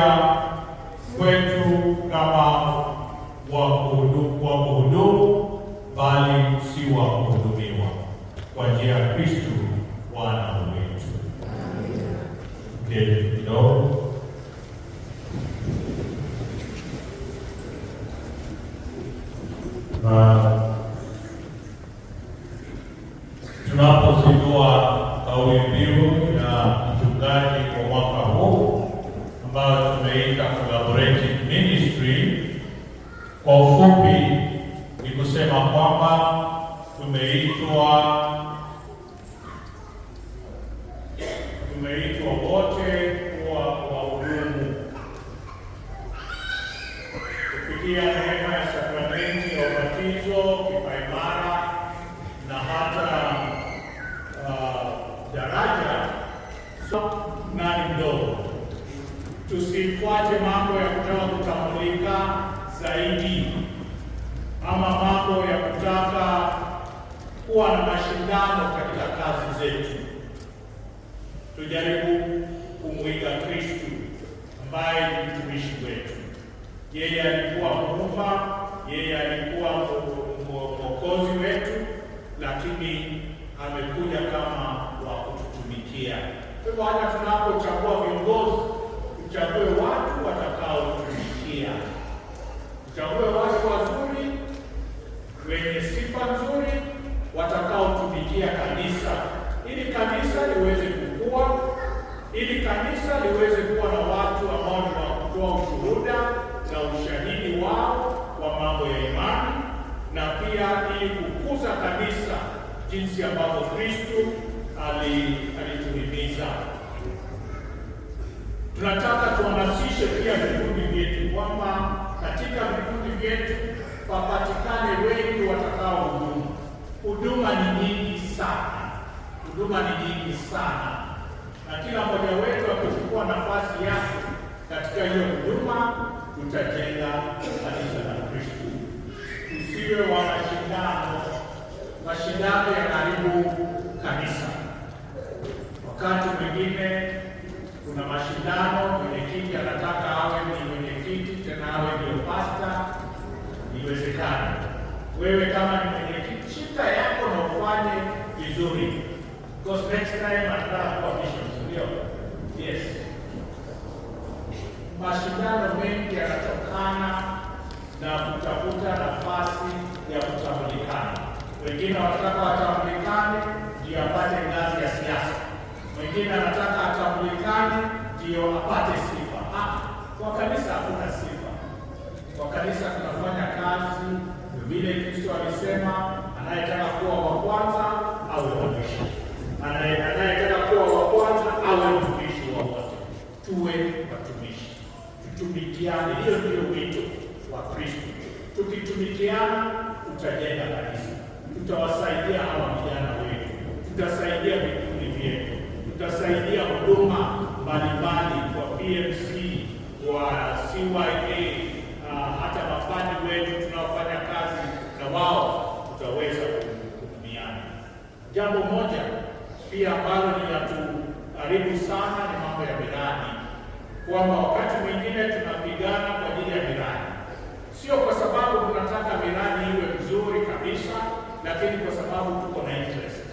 kuja kwetu na Baba tusifuate mambo ya kutaka kutambulika zaidi ama mambo ya kutaka kuwa na mashindano katika kazi zetu. Tujaribu kumwiga Kristu ambaye ni mtumishi wetu. Yeye alikuwa muumba, yeye alikuwa mwokozi wetu, lakini amekuja kama wa kututumikia. Kwa hivyo hata tunapochagua viongozi uchague watu watakaotumikia, uchague watu wazuri wenye sifa nzuri watakaotumikia kanisa, ili kanisa liweze kukua, ili kanisa liweze kuwa na watu ambao ni wa kutoa ushuhuda na ushahidi wao wa mambo ya imani, na pia ili kukuza kanisa jinsi ambavyo Kristu ali tunataka tuhamasishe pia vikundi vyetu kwamba katika vikundi vyetu wapatikane wengi watakao huduma. Huduma ni nyingi sana, huduma ni nyingi sana, na kila mmoja wetu akichukua nafasi yake katika hiyo huduma, tutajenga kanisa la Kristo. usiwe wa mashindano, mashindano yanaharibu kanisa wakati mwingine kuna mashindano, mwenyekiti anataka awe ni mwenyekiti tena awe ndio pasta, iwezekana wewe kama ni mwenyekiti, shita yako na ufanye vizuri, because next time bishop, ndio yes. Mashindano mengi yanatokana na kutafuta nafasi ya kutambulikana. Wengine wanataka watambulikane ndio apate ngazi ya siasa, wengine anataka ndio apate sifa. Ah, kwa kanisa hakuna sifa, kwa kanisa tunafanya kazi vile Kristo alisema, anayetaka kuwa wa kwanza awe wa mwisho, anayetaka kuwa wa kwanza awe mtumishi wa wote. Tuwe watumishi, tutumikiane. Hiyo ndio wito wa Kristo. Tukitumikiana tutajenga kanisa, tutawasaidia hawa vijana wetu, tutasaidia vikundi vyetu, tutasaidia DMC wa CYA uh, ah, hata mafani wetu tunaofanya kazi na wao tutaweza kuhudumiana. Jambo moja pia ambalo ni yatuharibu sana ni mambo ya miradi, kwamba wakati mwingine tunapigana kwa ajili ya miradi, sio kwa sababu tunataka miradi iwe mzuri kabisa, lakini kwa sababu tuko na interest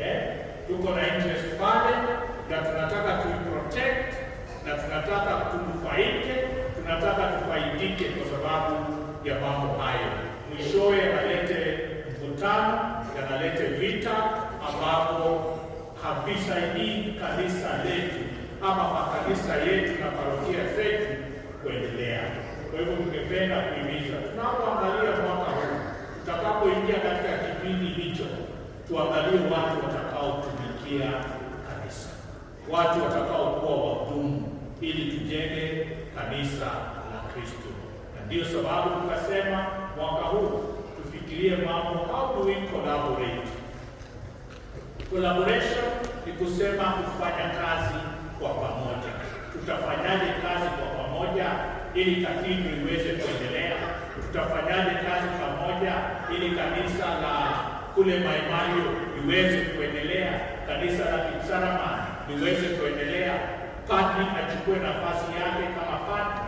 eh, tuko na interest pale na tunataka tu protect na tunataka tunufaike, tunataka tufaidike kwa sababu ya mambo hayo. Mwishowe analete mvutano, yanalete vita ambapo hii kanisa letu ama makanisa yetu na parokia zetu kuendelea. Kwa hivyo, tungependa kuhimiza tunapoangalia mwaka huu, tutakapoingia katika kipindi hicho, tuangalie watu watakaotumikia kanisa, watu watakaokuwa wahudumu ili tujenge kanisa la Kristo, na ndiyo sababu tukasema mwaka huu tufikirie mambo how do we collaborate. Collaboration ni kusema kufanya kazi kwa pamoja. Tutafanyaje kazi kwa pamoja ili katibu iweze kuendelea? Tutafanyaje kazi pamoja ili kanisa la kule Maimario iweze kuendelea, kanisa la Kisarama liweze kuendelea kati wachukue nafasi yake kama pata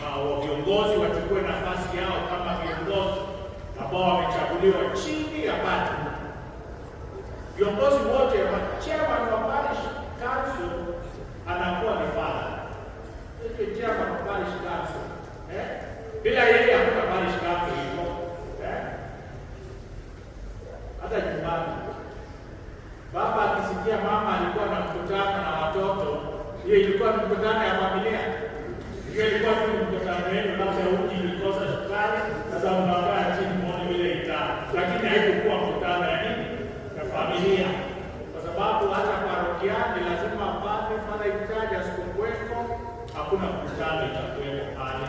na viongozi wachukue nafasi yao kama viongozi ambao wamechaguliwa chini ya pata. Viongozi wote wa chairman wa parish council anakuwa ni father, ile chairman wa parish council eh, bila yeye hakuna parish council hiyo eh, hata nyumbani baba akisikia mama alikuwa na mkutano na watoto hiyo ilikuwa ni mkutano ya familia, hiyo ilikuwa tu mkutano wenu, labda uji ilikosa sukari, sasa unakaa chini mwone vile itaa, lakini haikukuwa mkutano ya nini ya familia, kwa sababu hata parokiani lazima padre mara itaja asikukweko, hakuna mkutano itakuwepo pale.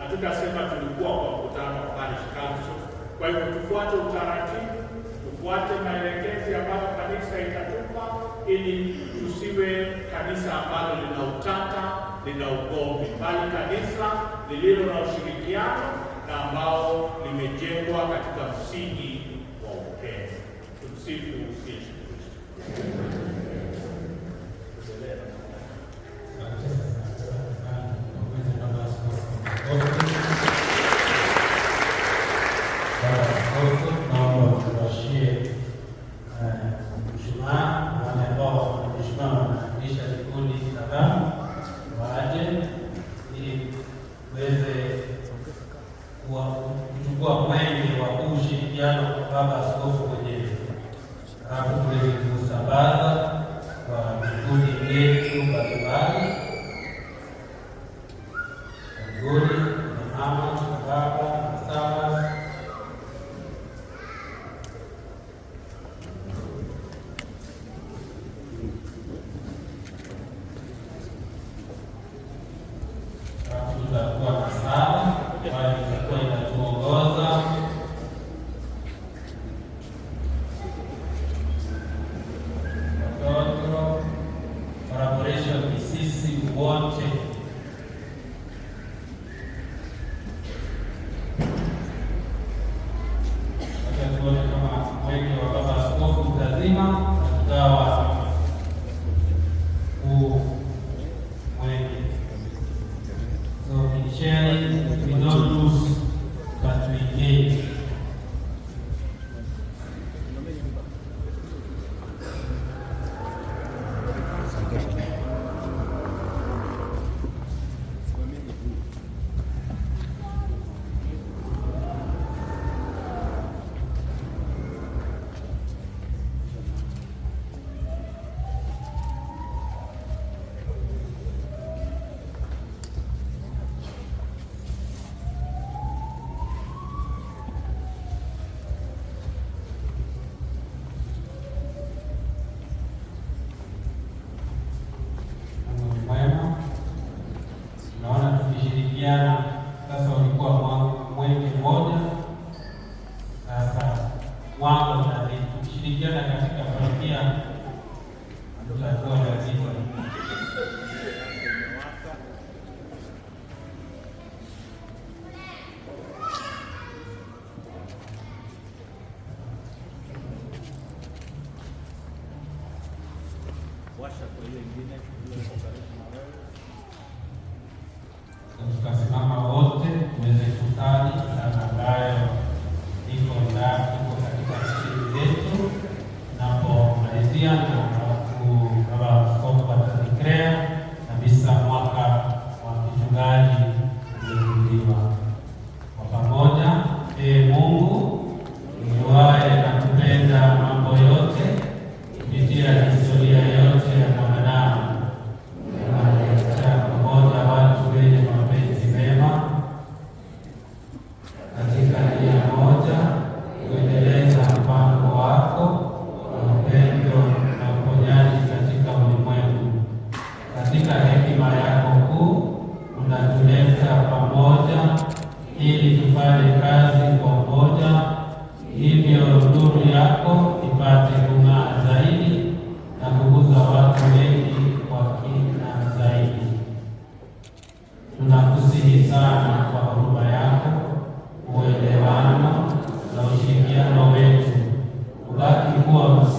Hatutasema tulikuwa kwa mkutano wa parish Kwa hivyo tufuate utaratibu tufuate maelekezo ambayo kanisa itatupa, ili tusiwe kanisa ambalo lina utata, lina ugomvi, bali kanisa lililo na ushirikiano na ambao limejengwa katika msingi wa upendo. Tumsifu Yesu Kristo.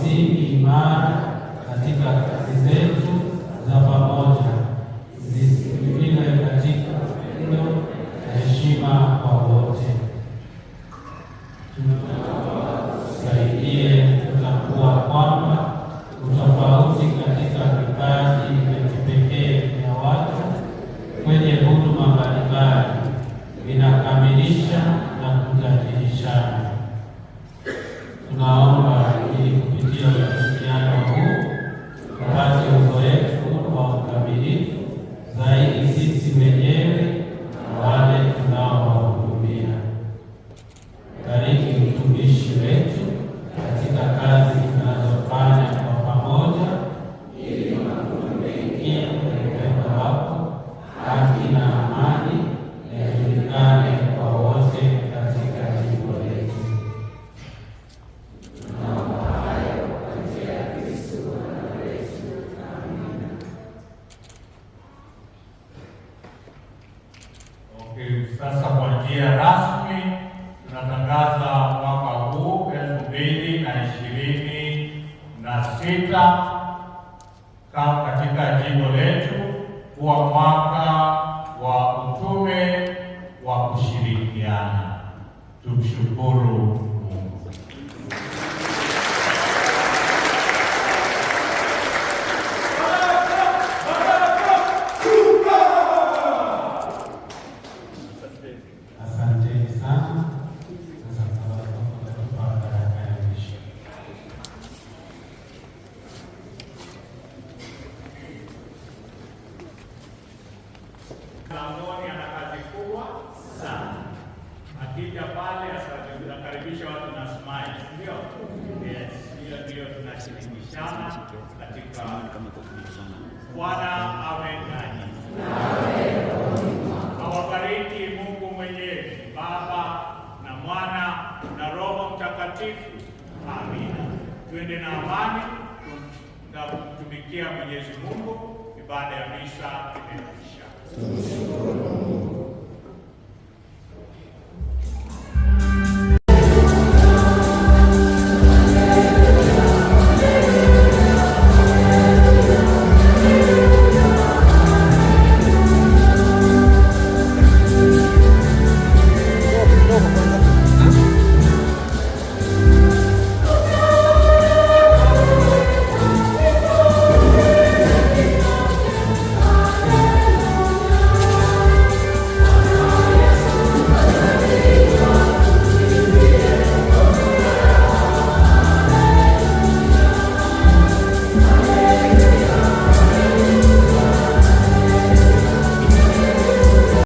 msingi imara katika dentro da pamoja. 光吗？Mlangoni ana kazi kubwa sana. Akija pale atakaribisha watu na smile, ndio yes, hiyo ndio tunashirikishana katika Bwana awe nanyi. Awabariki Mungu mwenyewe, Baba na Mwana na Roho Mtakatifu. Amina. Twende na amani na kumtumikia Mwenyezi Mungu. Ibada ya misa imeisha. тому що